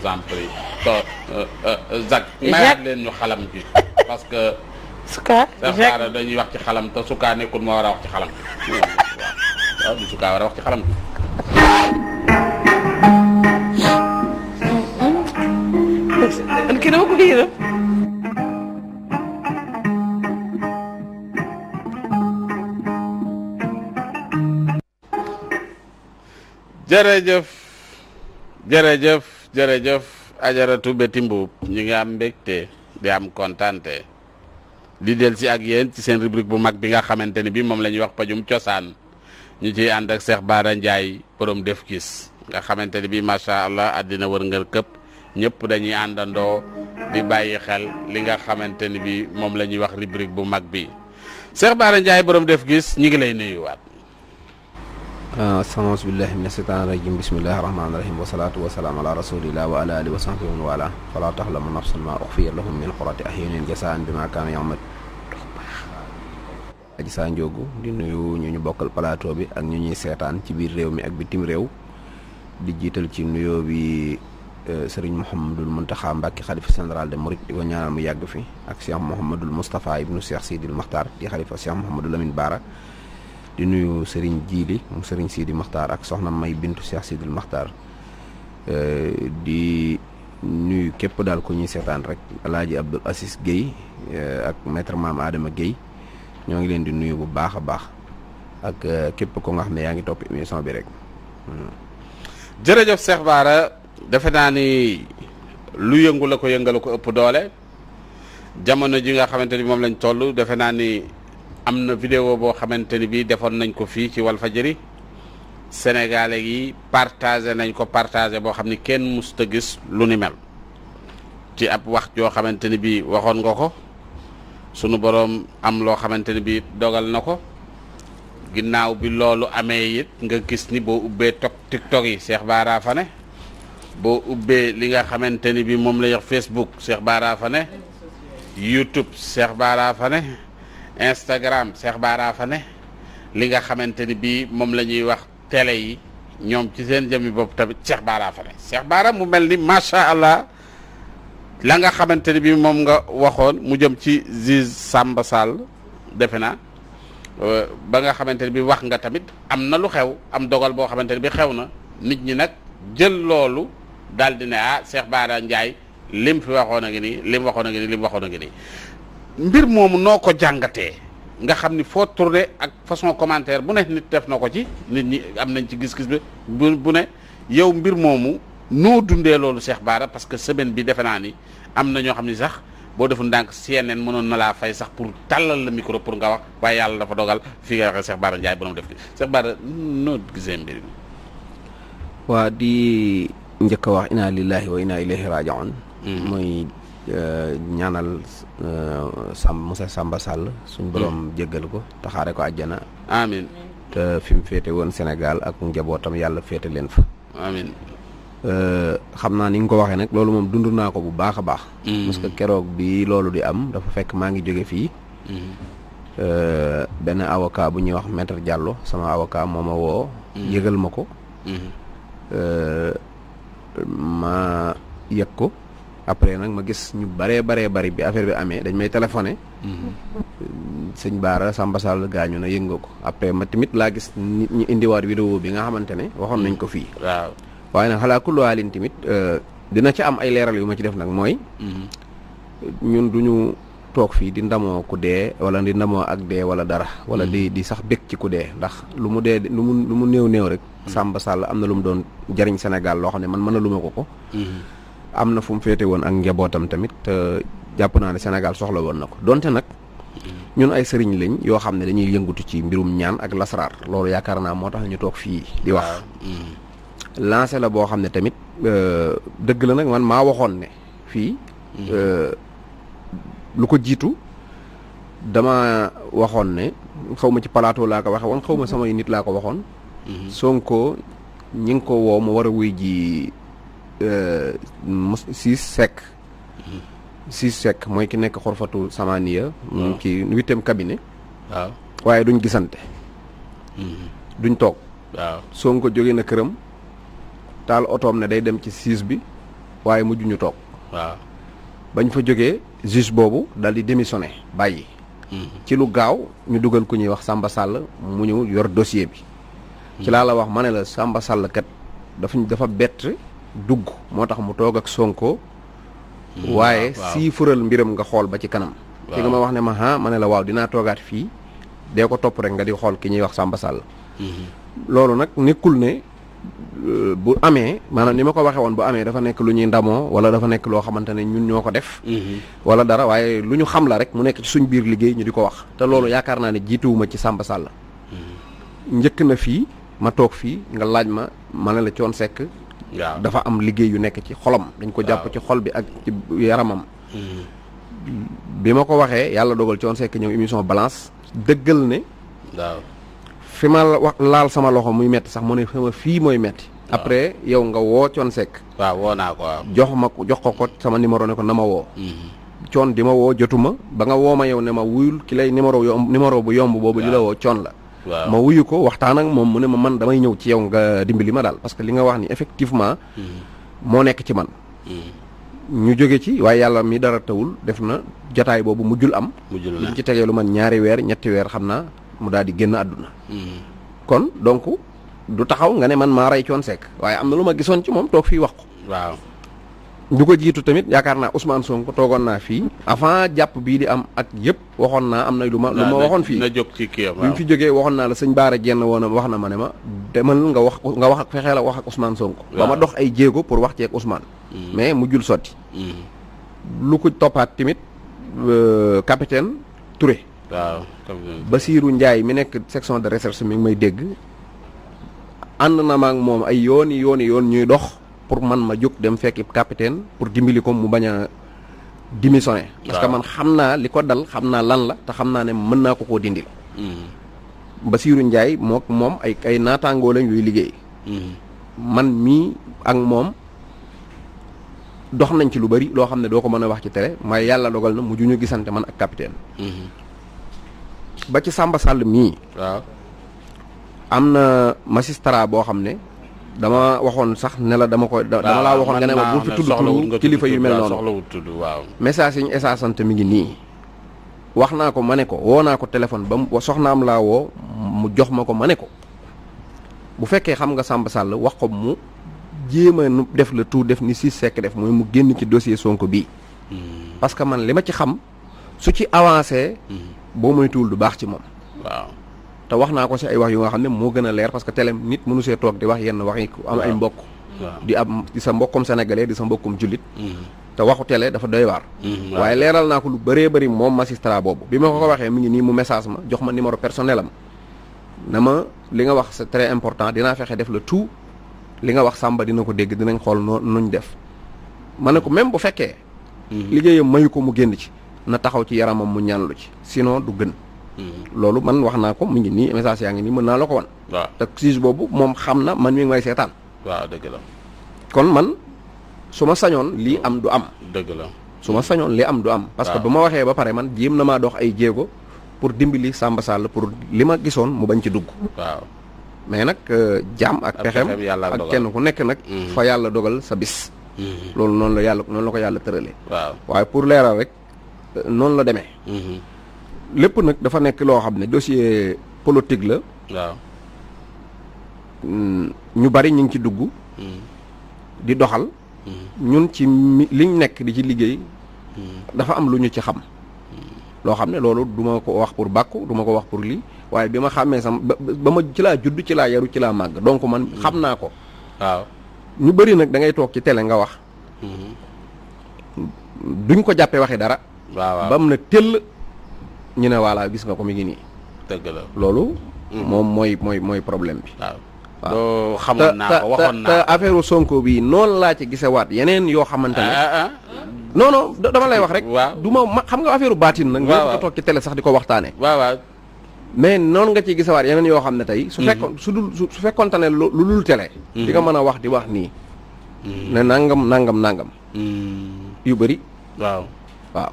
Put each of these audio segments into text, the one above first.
exemple yi euh, euh, euh, Zak. mayaat leen ñu xalam parce que. suka Zak dañuy wax xalam te suka nekkul moo war a wax xalam ci xalam bi. kii dama jërëjëf ajaratu beti Mbuub ñi ngi am mbégte di am kontante di del si ak yéen ci seen rubrique bu mag bi nga xamante ni bi moom la ñuy wax pajum cosaan ñu ciy ànd ak seex baara Ndiaye borom def gis nga xamante ni bi macha allah àddina wër ngër këpp ñëpp dañuy àndandoo di bàyyi xel li nga xamante ni bi moom la ñuy wax rubrique bu mag bi Cheikh Bara Ndiaye borom def gis ñi ngi lay nuyuwaat Ah, asamas billahi mina seytaani rajim bismillahi rahmaani rahim wasalaatu wasalaam ala rasulillah wa ala alihi wa sahbihi wa ala fala taxlamu nafsun ma uxfiya lahum min xurati ahyunin jasaan bi ma kaanu yamal aji saa njoogu di nuyu ñu ñu bokkal plateau bi ak ñu ñuy seetaan ci biir réew mi ak bitim réew di jiital ci nuyoo bi eh, sëriñ Mouhamadul Muntaxa Mbàkke xalifa général de Mouride di ko ñaanal mu yàgg fi ak cheikh Mouhamadul Moustapha ibnu cheikh Sidil di nuyu Serigne Jiili moom Serigne Sidi Maxtaar ak soxna May Bintu Cheikh Sidil Maxtaar euh, di nuyu képp daal ko ñuy seetaan rek El Hadj Abdoul Aziz euh, ak maître maam Adama Guèye ñoo ngi leen di nuyu bu baax a baax ak euh, képp ko nga xam ne yaa ngi topp émission bi rek. Hmm. jërëjëf Cheikh defe naa ni lu yëngu la ko yëngal ko ëpp doole jamono ji nga xamante ni moom lañ toll defe naa ni. am na vidéo boo xamante ni bii defoon nañ ko fii ci Walfajri sénégalais yi partagé nañ ko partagé boo xam ni kenn musta gis lu ni mel ci ab wax joo xamante ni bii waxoon nga ko sunu boroom am loo xamante ni bii dogal na ko ginnaaw bi loolu amee it nga gis ni boo ubbee tok tiktok yi Cheikh Bara fa ne boo ubbee li nga xamante ni bii moom la yor Facebook Cheikh Bara fa ne YouTube Cheikh Bara fa ne Instagram Cheikh Bara fa ne li nga xamante ni bii moom la ñuy wax télé yi ñoom ci seen jëmmi bopp tamit Cheikh Bara fa ne Cheikh Bara mu mel ni macha allah la nga xamante ni bii moom nga waxoon mu jëm ci juge Samba Sall defe naa ba nga xamante ni bii wax nga tamit am na lu xew am dogal boo xamante ni bii xew na nit ñi nag jël loolu daal di ne ah Cheikh Bara Ndiaye lim fi waxoon a ngi nii waxoon a ngi nii lim waxoon a ngi nii. mbir moomu noo ko jàngatee nga xam ni foo tourné ak façon commentaire bu ne nit def na ko ci nit ñi am nañ ci gis-gis bi bu ne yow mbir moomu noo dundee loolu seex Bara parce que semaine bi defe naa ni am na ñoo xam ni sax boo defu ndànk yeneen mënoon na laa fay sax pour tàllal la micro pour nga wax waaye yàlla dafa dogal fii nga waxee Cheikh Bara Ndiaye borom def li Cheikh Bara noo gisee mbir waa di njëkk wax inna lillahi wa inna ilayhi raji'un mooy mm-hmm. Euh, ñaanal euh, sam Moussa Samba sàll suñ mm. borom jéggal ko taxaare ko àjjana amiin te fi mu féete woon senegal ak njabootam yàlla féete leen fa amiin euh, xam naa ni nga ko waxee nag loolu moom dund naa ko bu baax a baax mm. parce keroog bii loolu di am dafa fekk maa ngi jóge fii mm. benn avocat bu ñuy wax maître Diallo sama avocat moom a woo yëgal ma ko ma yëg ko après nag ma gis ñu baree baree bari bi affaire bi amee dañ may téléphoné. Mhm. sëñ Baara Samba Sall gaañu na yënga ko après ma tamit laa gis ñu ñi indiwaat vidéo bi nga xamante ne waxoon nañ ko fii. waaw waaye nag xalaa ku luwaalin tamit euh, dina ci am ay leeral yu ma ci def nag mooy. Mhm. ñun duñu toog fii di ndamoo ku dee wala di ndamoo ak dee wala dara. wala di mhm. di sax bëgg ci ku dee ndax lu mu dee lu mu lu mu néew néew rek. Samba Sall am na lu mu doon jariñ Sénégal loo xam ne man mënaluma ko ko. am na fu mu féete woon ak njabootam tamit jàpp naa ne Sénégal soxla woon na ko donte nag ñun ay sëriñ lañ yoo xam ne dañuy yëngatu ci mbirum ñaan ak lasaraar loolu yaakaar naa moo tax ñu toog fii di wax mm. la boo xam ne tamit euh, dëgg la nag man maa waxoon ne fii mm. euh, lu ko jiitu dama waxoon ne xaw ma ci palaato laa ko waxe woon xaw ma samay nit laa ko waxoon mm-hmm. Sonko ñi ngi ko woo mu war a wuy ji Euh, siis sec siis sec mooy ki nekk xorfatu samaniya mu ki huitième cabinet kabine waaye duñ gisante mm-hmm. duñ toog waaw Sonko jóge na këram taal otoom ne day dem ci siis bi waaye mujj ñu toog bañ fa jógee juge boobu dal di démissionné bàyyi mm-hmm. ci lu gaaw ñu dugal ku ñuy wax sàmba Sall mu ñu yor dossier bi ci laa la wax ma ne la Samba Sall kat dafa dafa bett dugg moo tax mu toog ak Sonko. Mm. waaye ah, sii fural mbiram nga xool ba ci kanam. ci nga ma wax ne ma ah ma ne la waaw dinaa toogaat fii dee ko topp rek nga di xool ki ñuy wax Samba Sall. Mm-hmm. loolu nag nekkul ne euh, bu amee maanaam ni ma ko waxee woon bu amee dafa nekk lu ñuy ndamoo wala dafa nekk loo xamante ne ñun ñoo ko def. Mm-hmm. wala dara waaye lu ñu xam la rek mu nekk ci suñ biir liggéey ñu di ko wax. te loolu mm-hmm. yaakaar naa ne jiituwuma ci Samba njëkk na fii ma toog fii nga laaj ma ma ne la coon sekk. dafa am liggéey yu nekk ci xolom dañ ko jàpp ci xol bi ak yaramam hmm. bi ma ko waxee yàlla dogal Thione Seck ñëw émission balance dëggal ne waaw fi ma wax laal sama loxo muy metti sax mu ne sama fii mooy metti après yow nga woo Thione Seck waaw woo naa ko waaw jox ma ko jox ko ko sama numéro ne ko na ma woo Thione hmm. di ma woo jotuma ba nga woo ma yow ne ma wuyul ki lay numéro yo numéro bu yomb boobu li la woo Thione la ma wuyu ko waxtaan ak moom mu ne ma man damay ñëw ci yow nga dimbali ma daal parce que li nga wax ni effectivement mm-hmm. moo nekk ci man mm-hmm. ñu jóge ci waaye yàlla mi dara tawul def na jotaay boobu mu jul am liñ ci tegee lu man ñaari weer ñetti weer xam naa mu daal di génn àdduna mm-hmm. kon donc du taxaw nga ne man maa rey coon sekk waaye am na lu ma gisoon ci moom toog fii wax ko du ko jiitu tamit yaakaar naa Ousmane Sonko toogoon naa fii avant jàpp bii di am ak yëpp waxoon naa am na lu ma lu ma waxoon fii na jóg ci kii bi mu fi jógee waxoon naa la sëñ Baara Jenn woon wax na ma ne ma demal nga wax nga wax ak fexee la wax ak Ousmane Sonko ba ma dox ay jéego pour wax ceeg Ousmane mm. mais mu jul sotti mm. lu ko toppaat tamit euh, capitaine Touré waaw Basirou Ndiaye mi nekk section de recherche mi ngi may dégg ànd na ma ak moom ay yooni yooni yoon ñuy dox pour man ma jóg dem fekki capitaine pour dimbali ko mu bañ a démissionner. man xam naa li ko dal xam naa lan la te xam naa ne mën naa ko koo dindi mm-hmm. Basirou njaay mook moom ay ay naataangoo lañ yuy liggéey. Mm-hmm. man mii ak moom dox nañ ci lu bari loo xam ne doo ko mën a wax ci tere may yàlla dogal na mujj ñu gisante man ak capitaine. Mm-hmm. ba ci Samba Sall mii. waaw am na magistrat boo xam ne. dama waxoon sax ne la dama ko dama ah, laa waxoon nga ne ma bul fi tudd kilifa yu mel noonu message yi ñu esaasante mi ngi nii wax naa ko ma ne ko woo naa ko téléphone ba mu soxnaam laa woo mu jox ma ko ma ne ko bu fekkee xam nga Samba Sall wax ko mu jéem a nu def la tout def ni si sekk def mooy mu génn ci dossier Sonko bii hmm. parce que man li ma ci xam su ci avancé hmm. boo moytuwul du baax ci moom te wax naa ko si ay wax yu nga xam ne moo gën a leer parce que télé nit mënu see toog di wax yenn wax yi ku am ay mbokk di am di sa mbokkum sénégalais di sa mbokkum jullit mm-hmm. te waxu télé dafa doy waar mm-hmm. waaye leeral naa ko lu baree bari moom magistrat boobu bi ma ko ko waxee mi ngi nii mu message ma jox ma numéro personnel na ma li nga wax c'est très important dina fexe def le tout li nga wax sàmba dina ko dégg dinañ xool noo nuñ def ma ne ko même bu fekkee mm-hmm. liggéeyam mayu ko mu génn ci na taxaw ci yaramam mu ñaanlu ci sinon du gën loolu man wax naa ko mu ngi nii message yaa ngi nii mën naa la ko wan. waaw te boobu moom xam na man mi ngi may seetaan. waaw dëgg la. kon man su ma sañoon lii am du am. dëgg la su ma sañoon lii am du am. parce que bu ma waxee ba pare man jéem na maa dox ay jéego pour dimbali Samba Sall pour li ma gisoon mu bañ ci dugg. waaw mais nag euh, jaam ak. pexem ak kenn ku nekk nag. Mm-hmm. fa yàlla dogal sa bis. Mm-hmm. loolu noonu la yàlla noonu la ko yàlla tëralee. waaye pour leeral rek euh, noonu la demee. Mm-hmm. lépp nag dafa nekk loo xam ne dossier politique la. ñu bari ñu ngi ci dugg. Mm. di doxal. Mm. ñun ci liñ nekk di ci liggéey. Mm. dafa am lu ñu ci xam. loo xam ne loolu duma ko wax pour bàkku duma ko wax pour lii waaye bi ma xàmmee sama ba ma ci laa judd ci laa yaru ci laa màgg donc man xam naa ko. ñu bari nag dangay toog ci télé nga wax. Mm-hmm. duñ ko jàppee waxi dara. ba mu ne tëll. ñu ne voilà gis nga ko mi ngi nii. dëgg loolu. Mm. moom mooy mooy mooy problème bi. waaw doo naa waxoon naa te affaire Sonko bii noonu laa ci gisewaat yeneen yoo xamante ne. Ah, ah, ah. non non dama lay wax rek. waaw du ma xam nga affaire baatin nag. waaw ko toog ci télé sax di ko waxtaanee. waaw mais noonu nga ciy gisawaat yeneen yoo xam ne tey. su mm-hmm. fekkoon su dul su fekkoonte ne lu dul télé. Mm-hmm. di nga mën a wax di wax nii. Mm-hmm. ne nangam nangam yu bëri. waaw waaw.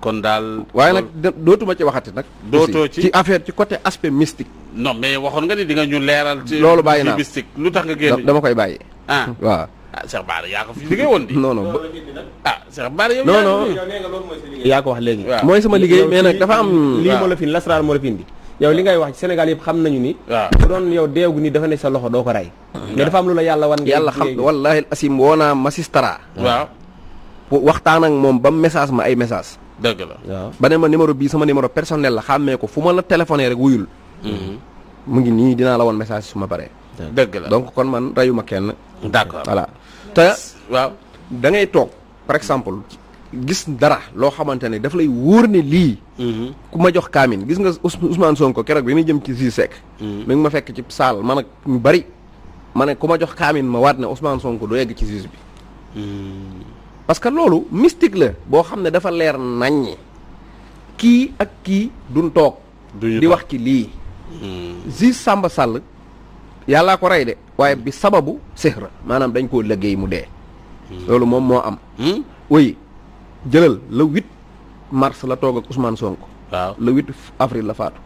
kon daal waaye nag dootuma ci waxati nag. dootoo ci ci affaire ci côté aspect mystique. non mais waxoon nga ni di nga ñu leeral. ci loolu bàyyi naa mystique lu tax nga génn. dama koy bàyyi. ah waaw. ah Cheikh Bara yaa ko fi liggéey ah, ko wax léegi. mooy sama liggéey mais nag dafa am. lii moo la fi indi lasraar li ngay wax ci Sénégal yëpp xam nañu ni. waaw bu doon yow deegu ni dafa ne sa loxo doo ko rey. mais dafa am lu la yàlla wan. yàlla xam wallaahi asim woo naa magistrat. waaw waxtaan ak moom ba message ma ay message dëgg la waaw ma numéro bii sama numéro personnel la xàmmee ko fu ma la téléphoné rek wuyul. Mm-hmm. mu ngi nii dinaa la woon message su ma paree. dëgg la donc kon man reyu ma kenn. d'accord voilà te waaw da toog par exemple gis dara loo xamante ne daf lay wóor ne lii. Mm-hmm. ku ma jox kaamin gis nga Ousmane Sonko keroog bi muy jëm ci Zizek. Mm-hmm. mi ngi ma fekk ci saal man ak ñu bari ma ne ku ma jox kaamin ma waat ne Ousmane Sonko doo yegg ci Ziz bi. parce que loolu mystique la boo xam ne dafa leer naññi kii ak kii duñ toog di wax ci lii juge hmm. Samba Sall yàllaa ko rey de waaye bi sababu sihra maanaam dañ koo liggéey mu dee hmm. loolu moom moo am hmm? oui jëlal le wit mars la toog ak usmaan Sonko waaw le huit avril la faatu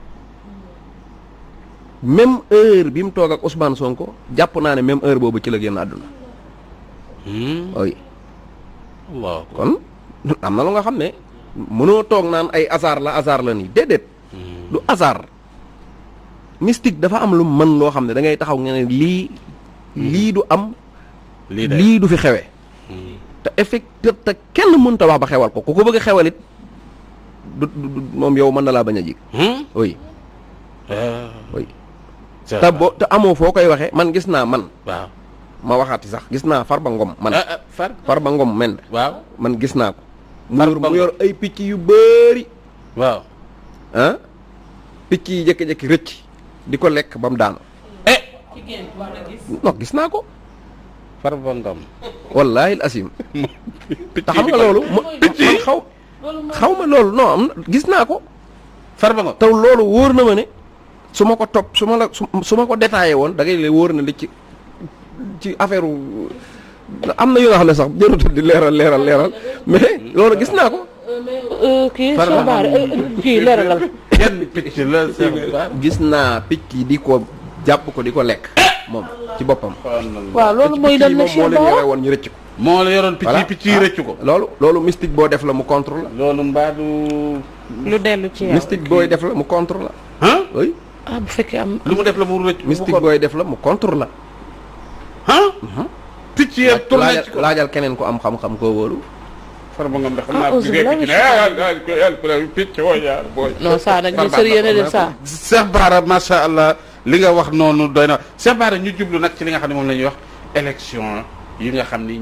même heure bi mu toog ak usmaan Sonko jàpp naa ne même heure boobu ci la génn àdduna kon am na lu nga xam ne mënoo toog naan ay hasard la hasard la nii déedéet. Hmm. du hasard mystique dafa am lu mën loo xam ne da ngay taxaw nga ne lii. Hmm. lii du am. lii du fi xewe hmm. te effet te kenn mënta wax ba xewal ko ku ko bëgg a xewal it du moom yow mën na laa bañ a jig. Ah. te boo te amoo foo koy waxee man gis naa man. ma waxaati sax gis naa Farba Ngom man ah, ah, far Farba Ngom men man gis naa ko mu yor ay picc yu bëri waaw ah picc yi jékki-jékki rëcc di ko lekk ba mu daanu eh non gis naa ko Farba Ngom wallaahi asim te xam nga loolu man xaw xaw ma loolu noo am gis naa ko far Farba Ngom taw loolu wóor na ma ne su ma ko topp su ma la su ma ko détaillé woon da ngay lay wóor na li ci affaire am na yoo xam ne sax jërëjëf di leeral leeral leeral mais loolu gis naa ko. kii sobaar euh, kii leeralal. kenn picc la gis naa picc yi di ko jàpp ko di ko lekk moom ci boppam. waaw loolu mooy lan la Cheikh Bara moo leen yore woon ñu rëcc ko. moo la yoroon picc picc yi rëcc ko. Ah, loolu loolu mystique boo def la mu contre la. loolu mbaa du. lu dellu ci yow booy def la mu contre la. ah bu fekkee am. lu mu def la mu rëcc. mystique booy def la mu contre la. Uh-huh. picc yeeg tourné laajal keneen ku am xam-xam koo wóolu. farba ngam de xam naa saa nag ñu sori yéen a def saa. Cheikh Bara macha allah li nga wax noonu doy na Cheikh Bara ñu jublu nag ci li nga xam ne moom la ñuy wax élection yi nga xam ni.